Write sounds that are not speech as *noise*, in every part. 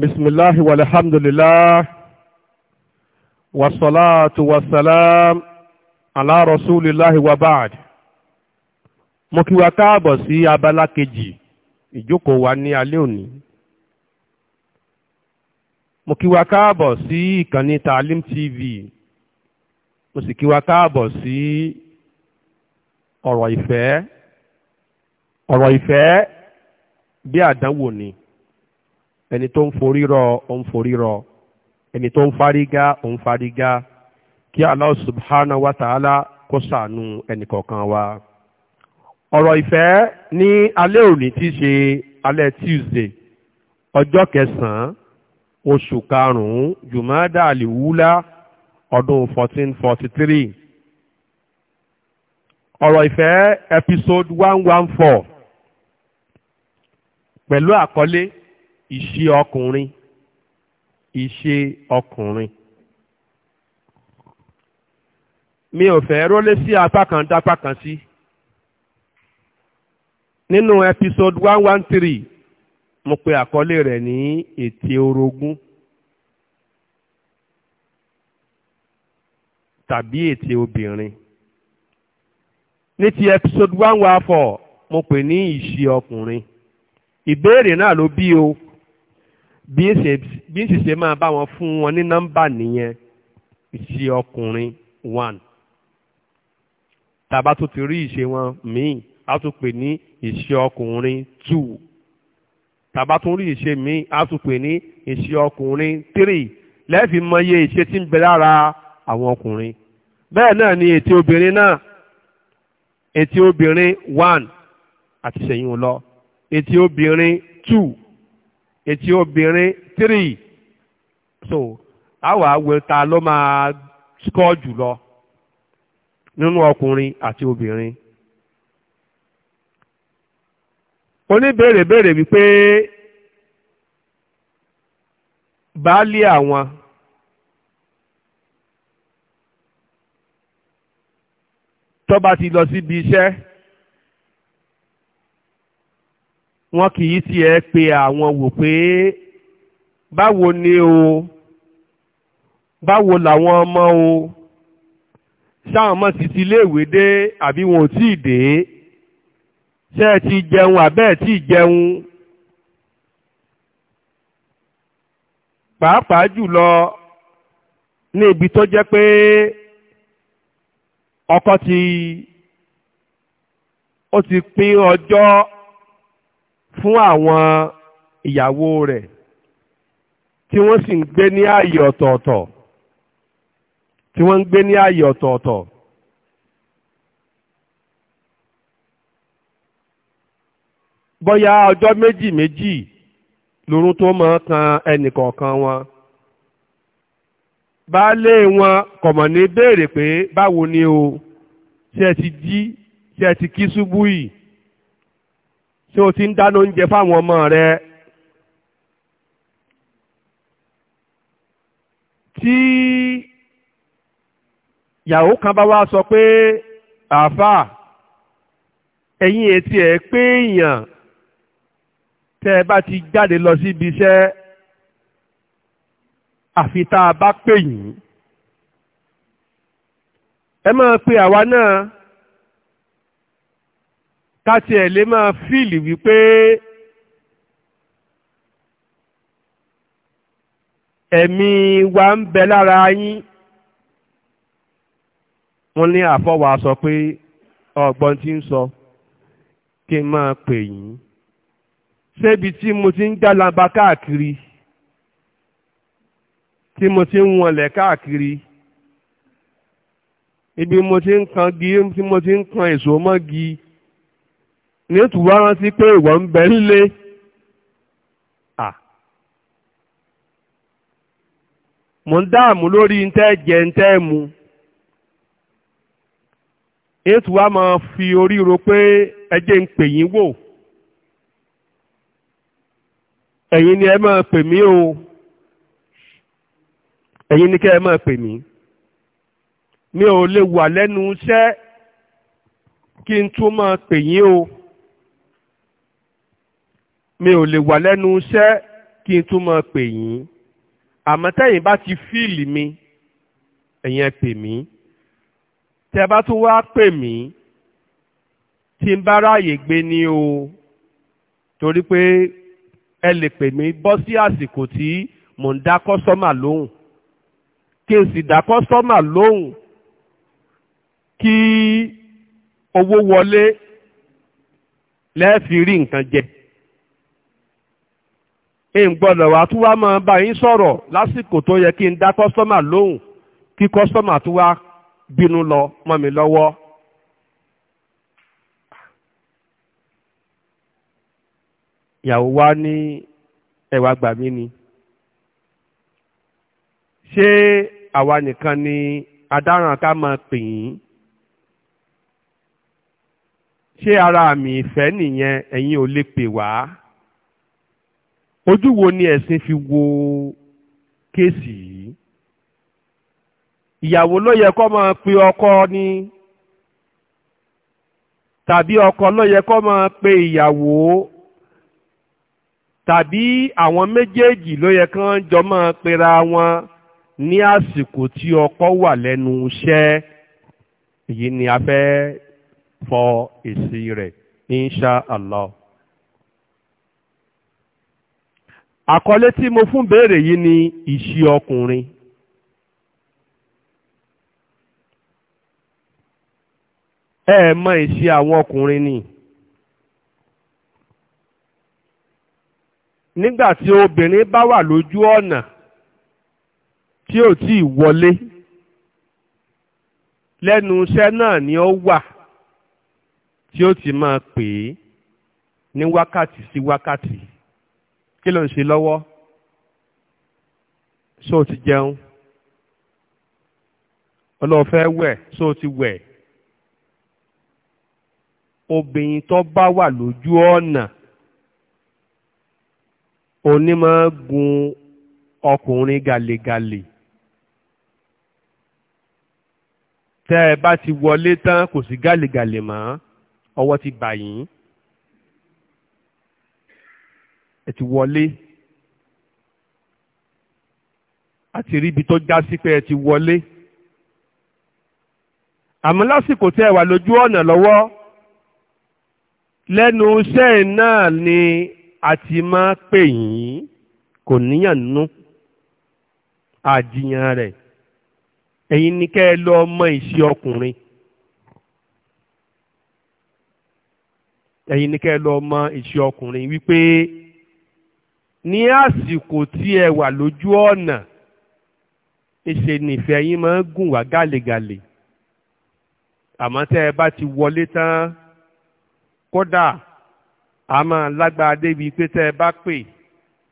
بسم الله والحمد لله والصلاة والسلام على رسول الله وبعد mo kí wa káàbọ̀ sí abala kejì ìjókòó wa ní alẹ́ òní mo kí wa káàbọ̀ sí ìkànnì Taalim TV mo sì kí wa káàbọ̀ sí ọ̀rọ̀ ìfẹ́ ọ̀rọ̀ ìfẹ́ bí àdánwò ni ẹni tó ń forí rọ ó ń forí rọ ẹni tó ń farigá ó ń farigá kí Allah subhanahu wa ta'ala kó ṣàánú ẹnìkọ̀ọ̀kan wa. ọ̀rọ̀ ìfẹ́ ní alẹ́ òní tí í ṣe alẹ́ Tuesday ọjọ́ kẹsàn-án oṣù karùn-ún jùmọ́dá àlìwúlá ọdún 1443 ọ̀rọ̀ ìfẹ́ episode 114 pẹ̀lú àkọlé ìṣe ọkùnrin ìṣe ọkùnrin. mi ò fẹ́ rólé sí apá kan dápá kan sí. nínú episode one one three mo pe àkọlé rẹ̀ ní ète orogún. tàbí ète obìnrin. ní ti episode one one four mo pè ní ìṣe ọkùnrin. ìbéèrè náà ló bí o bí ń sì ṣe máa bá wọn fún wọn ní nọ́mbà nìyẹn ìṣe ọkùnrin one tàbá tó ti rí ìṣe wọn míì á tún pè ní ìṣe ọkùnrin two tàbá tún rí ìṣe míì á tún pè ní ìṣe ọkùnrin three lẹ́ẹ̀fì mọye ìṣe tí ń bẹ lára àwọn ọkùnrin bẹ́ẹ̀ náà ni ètè obìnrin náà ètè obìnrin one àti ṣẹ̀yìn lọ ètè obìnrin two etí obìnrin three so àwọn àwẹ̀ ta ló máa score jùlọ nínú ọkùnrin àti obìnrin. oníbèrè béèrè wípé baálé àwọn tó bá ti lọ síbi iṣẹ́ wọn kì í tiẹ̀ pe àwọn wò pé báwo ni o báwo làwọn ọmọ o sáwọn ọmọ sì ti léèwé dé àbí wọn ò tí ì dé ṣé ẹ ti jẹun àbẹ́ ẹ tí ì jẹun pàápàá jùlọ ní ibi tó jẹ́ pé ọkọ ti ó ti pín ọjọ́ fún àwọn ìyàwó rẹ̀ tí wọ́n sì ń gbé ní ààyè ọ̀tọ̀ọ̀tọ̀ tí wọ́n ń gbé ní ààyè ọ̀tọ̀ọ̀tọ̀. bóyá ọjọ́ méjì méjì lóorun tó máa kan ẹnìkọ̀ọ̀kan wọn baálé wọn kọ̀mọ̀ ní béèrè pé báwo ni o ṣe ti jí ṣe ti kí ṣubú yìí ṣé o ti ń dáná oúnjẹ fáwọn ọmọ rẹ tí yàwó kan bá wá sọ pé àáfà ẹ̀yin etí ẹ̀ pé èèyàn tẹ́ ẹ bá ti jáde lọ síbi iṣẹ́ àfi tá a bá pè yín ẹ máa pe àwa náà káti ẹ̀ lè máa fíìlì wípé ẹ̀mí wa ń bẹ lára yín wọ́n ní àfọwà sọ pé ọgbọ́n ti ń sọ kí n máa pè yín sébi tí mo ti ń jálaba káàkiri tí mo ti ń wọlẹ̀ káàkiri ibi mo ti ń kan gi tí mo ti ń kan èso mọ́gi ní ètù wá rántí pé ìwọ ń bẹ nílé à mò ń dáàmú lórí ntẹ́ jẹ ntẹ́ mu ètù wá máa fi orí ro pé ẹjẹ́ ń pè yín wò ẹ̀yin ni ẹ máa pè mí o ẹ̀yin ni kẹ́ ẹ máa pè mí mi ò lè wà lẹ́nu iṣẹ́ kí n tún máa pè yín o mi ò lè wà lẹ́nu iṣẹ́ kí n tún máa pè yín àmọ́ tẹ́yìn bá ti fíìlì mi ẹ̀yin ẹ pè mí tẹ́ bá tún wá pè mí tí n bá ráàyè gbé ní o torí pé ẹ lè pè mí bọ́ sí àsìkò tí mò ń dá kọ́sọ́mà lóhùn kí n sì dá kọ́sọ́mà lóhùn kí owó wọlé lẹ́ẹ̀fi rí nǹkan jẹ ń gbọ́dọ̀ wá tún wá máa bá yín sọ̀rọ̀ lásìkò tó yẹ kí n dá kọ́sọ́mà lóhùn kí kọ́sọ́mà tún wá bínú lọ mọ́ mi lọ́wọ́. ìyàwó wa ní ẹ̀wà gbà mí ni ṣé àwa nìkan ni adáràn ká máa pè yín ṣé ara àmì ìfẹ́ nìyẹn ẹ̀yin ò lè pè wá ojú wo ni ẹ̀sìn fi wo kéèsì yìí ìyàwó ló yẹ kó máa pe ọkọ ni tàbí ọkọ ló yẹ kó máa pe ìyàwó tàbí àwọn méjèèjì ló yẹ kán jọ máa pera wọn ní àsìkò tí ọkọ wà lẹ́nu iṣẹ́ èyí ni a fẹ́ fọ èsì rẹ̀ insha àkọlé tí mo fún béèrè yìí ni ìṣí ọkùnrin ẹ mọ ìṣí àwọn ọkùnrin ni nígbà tí obìnrin bá wà lójú ọ̀nà tí ò tí ì wọlé lẹ́nu iṣẹ́ náà ni ó wà tí ó ti máa pè é ní wákàtí sí wákàtí. Si wákàtí kí ló ń ṣe lọ́wọ́ ṣó o ti jẹun ọlọ́fẹ́ wẹ̀ ṣó o ti wẹ̀ obìnrin tó bá wà lójú ọ̀nà onímọ̀ gun ọkùnrin gàlégàlè tẹ́ ẹ bá ti wọlé tán kò sí gàlégàlè mọ́ ọwọ́ ti bà yín ẹ ti wọlé àti rí ibi tó já sí pé ẹ ti wọlé àmọ́ lásìkò tẹ́ ẹ lójú ọ̀nà lọ́wọ́ lẹ́nu iṣẹ́ náà ni a ti máa pè yín kò níyàn nú àjiyàn rẹ̀ ẹ̀yin ni kẹ́ ẹ lọ ọmọ ìṣe ọkùnrin ẹ̀yin ni kẹ́ ẹ lọ ọmọ ìṣe ọkùnrin wípé ní àsìkò tí ẹ wà lójú ọ̀nà ìṣe nìfẹ́ yín máa ń gùn wá gàlègàlè àmọ́ tẹ́ ẹ bá ti wọlé tán kódà a máa lágbára débi pé tẹ́ ẹ bá pè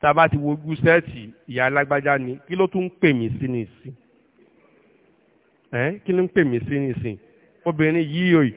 tá a bá ti wojú sẹ́ẹ̀tì ìyá alágbájá ni kí ló tún ń pè mí sí nìsín ẹ kí ló ń pè mí sí nìsín obìnrin yìí òyì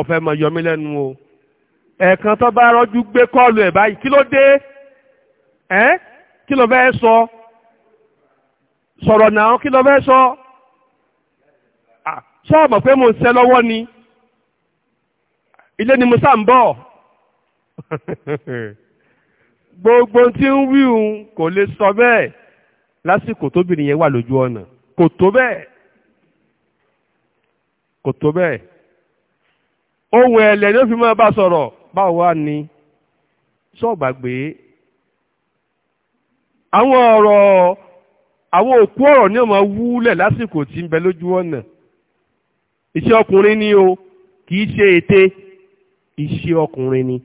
ọ̀fẹ́ mọ̀ yọmí lẹ́nu o ẹ̀ẹ̀kan tó bá rọ́jú gbé kọ́ọ̀lù ẹ̀ báyìí kí ló dé. ẹ́ kí ló fẹ́ sọ sọ̀rọ̀ náà kí ló fẹ́ sọ ṣọ́ọ̀bọ̀ pé mo ń ṣe lọ́wọ́ ni ilé ni mo sá ń bọ̀ *laughs* gbogbo tí ń wíhun kò lè sọ bẹ́ẹ̀ lásìkò tóbìnrin yẹn wà lójú ọ̀nà kò tó bẹ́ẹ̀ kò tó bẹ́ẹ̀ ohun ẹ̀lẹ̀ ló fi máa bá sọ̀rọ̀ báwo wá ni ṣọ́ọ̀bà gbé àwọn ọ̀rọ̀ àwọn òkú ọ̀rọ̀ ní ọmọ wúlẹ̀ lásìkò tí ń bẹ lójú ọ̀nà iṣẹ́ ọkùnrin ni o kìí ṣe ète iṣẹ́ ọkùnrin ni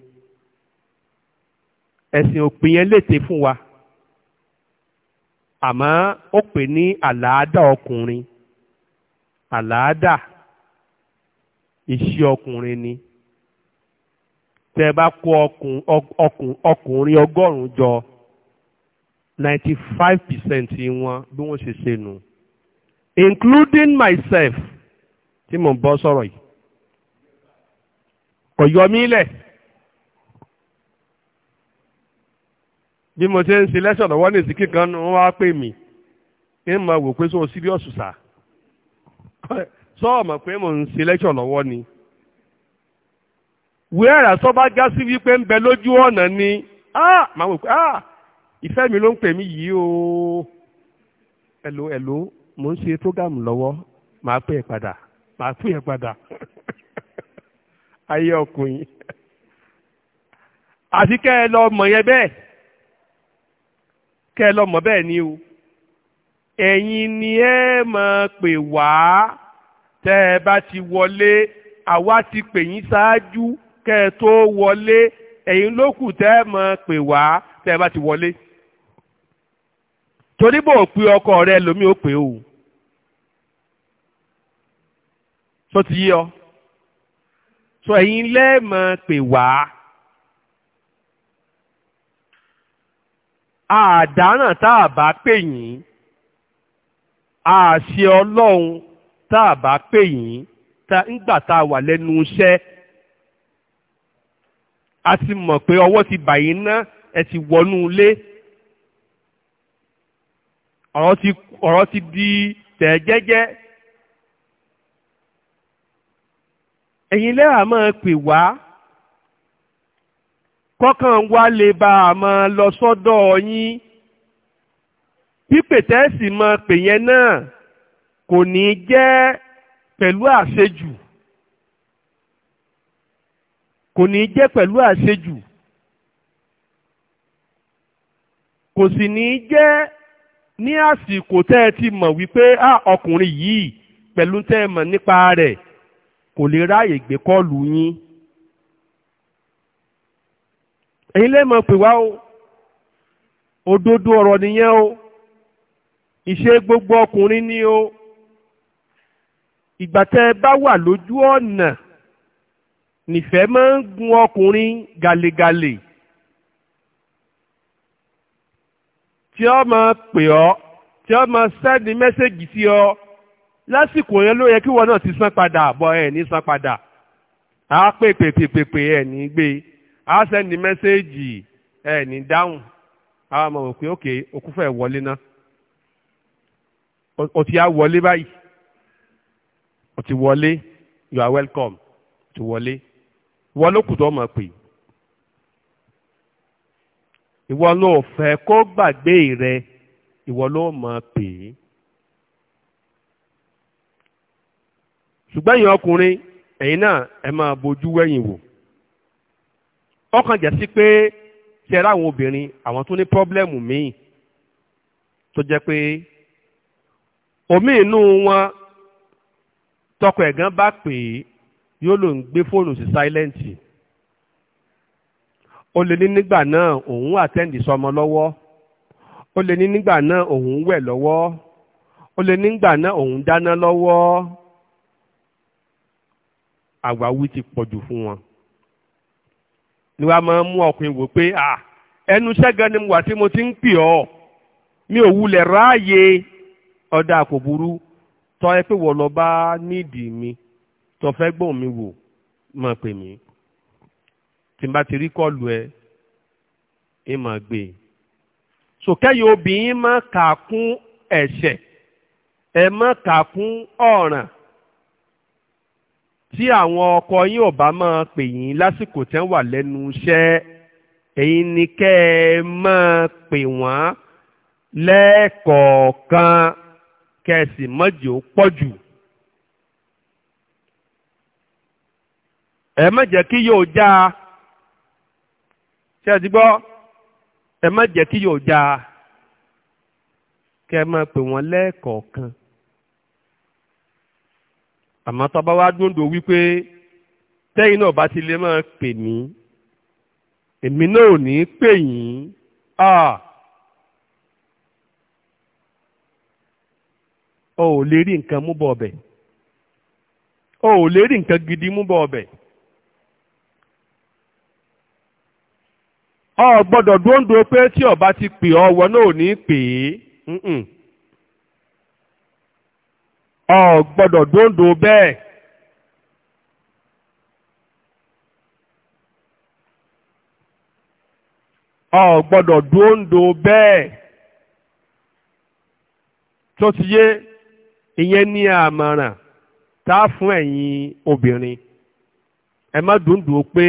ẹ̀sìn òpin yẹn léte fún wa àmọ́ ó pè ní àlàádà ọkùnrin àlàádà iṣẹ́ ọkùnrin ni tẹ́ bá kó ọkùnrin ọgọ́rùn-ún jọ ninety five percent wọn bí wọ́n ṣe ṣe nù including myself tí mò ń bọ́ sọ̀rọ̀ yìí kò yọ mí lẹ̀ bí mo ṣe ń ṣe lẹ́sọ̀ lọ́wọ́ ní ìsìnkí kan ní wọ́n wá pè mí ní mo wò pé sóò síríọ̀sù sà sọ́ọ̀mọ̀ pé mo ń ṣe lẹ́sọ̀ lọ́wọ́ ni wíwẹ́rà sọ́ba gá sí wípé ń bẹ lójú ọ̀nà ni ah màá wò pé ah ìfẹ́ mi ló ń pè mí yìí o ẹ̀lò ẹ̀lò mò ń ṣe prógámù lọ́wọ́ màá pè é padà màá pè é padà *laughs* ayé ọkùnrin àti kẹ́ ẹ lọ mọ̀ yẹn bẹ́ẹ̀ kẹ́ ẹ lọ mọ̀ bẹ́ẹ̀ ni o ẹ̀yin ni ẹ máa pè wá tẹ́ ẹ bá ti wọlé àwa ti pè yín ṣáájú kẹ́ ẹ tó wọlé ẹ̀yin ló tẹ́ ẹ máa pè wá tẹ́ ẹ bá ti wọlé. torí bò ó pe ọkọ rẹ lómi ó pè ó so ti yí ọ so ẹ̀yin lẹ́ẹ̀mọ̀ pè wá àdáràn tá a bá pè yín àṣẹ ọlọ́run tá a bá pè yín nígbà tá a wà lẹ́nu iṣẹ́ a ti mọ̀ pé ọwọ́ ti bà ná ẹ ti wọnú ilé. ọ̀rọ̀ ti ọ̀rọ̀ ti di tẹ̀ jẹ́jẹ́ ẹ̀yin lẹ́wà máa pè wá kọ́kàn wá lè bá a máa lọ sọ́dọ̀ yín pípè tẹ́sì máa pè yẹn náà kò ní jẹ́ pẹ̀lú àṣejù kò ní jẹ́ pẹ̀lú àṣejù kò sì ní jẹ́ ní àsìkò tẹ́ ẹ ti mọ̀ wípé á ọkùnrin yìí pẹ̀lú tẹ́ ẹ mọ̀ nípa rẹ̀ kò lè ráàyè gbé kọ́ọ̀lù yín ẹ̀yin lè mọ̀ pè wá o òdodo ọ̀rọ̀ nìyẹn o ìṣe gbogbo ọkùnrin ni o ìgbà tẹ́ ẹ bá wà lójú ọ̀nà nìfẹ́ máa ń gun ọkùnrin gàlègàlè. Gale tí ó máa pè ọ́ tí ó máa sẹ́ni mẹ́sẹ̀gì sí ọ lásìkò yẹn ló yẹ kí wọn náà ti san padà bọ ẹ ní san padà á pè pè pè pè pè ẹ ní gbé á sẹ́ni mẹ́sẹ̀gì ẹ ní dáhùn á mọ̀ wò pé òkè okú fẹ́ wọlé ná o ti á wọlé báyìí o ti wọlé you are welcome o ti wọlé wọlé kùtọ́ mọ̀ pé ìwọ ló fẹ́ kó gbàgbé rẹ ìwọ ló mọ̀ pè é. ṣùgbọ́n ẹ̀yin ọkùnrin ẹ̀yin náà ẹ máa bójú wẹ̀yìn wò ọkàn jẹ́ sí pé ṣe ra àwọn obìnrin àwọn tó ní pọ́blẹ́mù míì tó jẹ́ pé omi inú wọn tọkọ ẹ̀gán bá pè é yóò lòún gbé fóònù sí sáílẹ́ǹtì ó lè ní nígbà náà òun àtẹ́ǹdì sọmọ lọ́wọ́ ó lè ní nígbà náà òun wẹ̀ lọ́wọ́ ó lè nígbà náà òun dáná lọ́wọ́ àwáwí ti pọ̀jù fún wọn ni wàá máa mú ọkùnrin wò pé à ẹnu ṣẹ́gun ni mo wà tí mo ti ń pè ọ́ mi ò wulẹ̀ ráàyè ọ̀dà kò burú tọ́ ẹ pé wọ́n lọ bá nídìí mi tọ́ fẹ́ gbọ́n mi wò máa pè mí tí n bá ti rí kọ́ọ̀lù ẹ ẹ máa gbé e sòkẹ́yìn obìnrin máa kà kún ẹ̀ṣẹ̀ ẹ má kà kún ọ̀ràn tí àwọn ọkọ yín ò bá máa pè yín lásìkò tẹ́ ń wà lẹ́nu iṣẹ́ ẹ̀yin ni kẹ́ ẹ máa pè wọ́n lẹ́ẹ̀kọ̀ọ̀kan kẹ́ mọ́jì ó pọ̀ jù. ẹ má jẹ́ kí yóò já a ṣé ẹ ti gbọ́ ẹ má jẹ́ kí yóò já a kẹ́ ẹ máa pè wọ́n lẹ́ẹ̀kọ̀ọ̀kan àmọ́ tó bá wá dúndò wípé tẹ́yìn náà bá ti lè máa pè mí èmi náà ò ní pè yín ọ ò lè rí nǹkan mú bọ̀ ọbẹ̀ ò lè rí nǹkan gidi mú bọ̀ ọbẹ̀. ọ gbọ́dọ̀ dóńdó pé tí ọba ti pè ọ wọ náà ní pè é ọ gbọ́dọ̀ dóńdó bẹẹ ọ gbọ́dọ̀ dóńdó bẹẹ tó ti yé ìyẹn ní àmọ̀ràn tá a fún ẹyin obìnrin ẹ má dúndùn pé.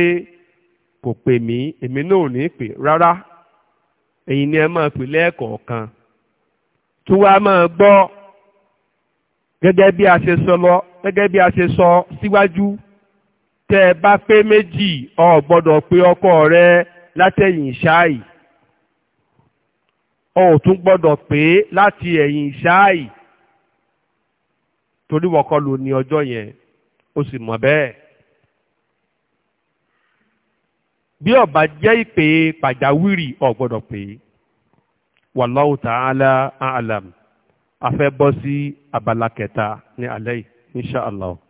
kò pè mí èmi náà ò ní pè rárá ẹ̀yin ni ẹ máa pè lẹ́ẹ̀kọ̀ọ̀kan tó wá máa gbọ́ gẹ́gẹ́ bí a ṣe sọ lọ gẹ́gẹ́ bí a ṣe sọ síwájú tẹ́ ẹ bá pé méjì o gbọ́dọ̀ pé ọkọ rẹ látẹ̀yìn ṣáàì o ò tún gbọ́dọ̀ pé láti ẹ̀yìn ṣáàì torí wọ́kọ́ lò ní ọjọ́ yẹn ó sì mọ̀ bẹ́ẹ̀. bí ó bá jẹ́ ìpè pàjáwìrì ó gbọ́dọ̀ pé wallahu ta'ala a'lam afẹ́ bọ́ sí abala kẹta ní alẹ́ yìí insha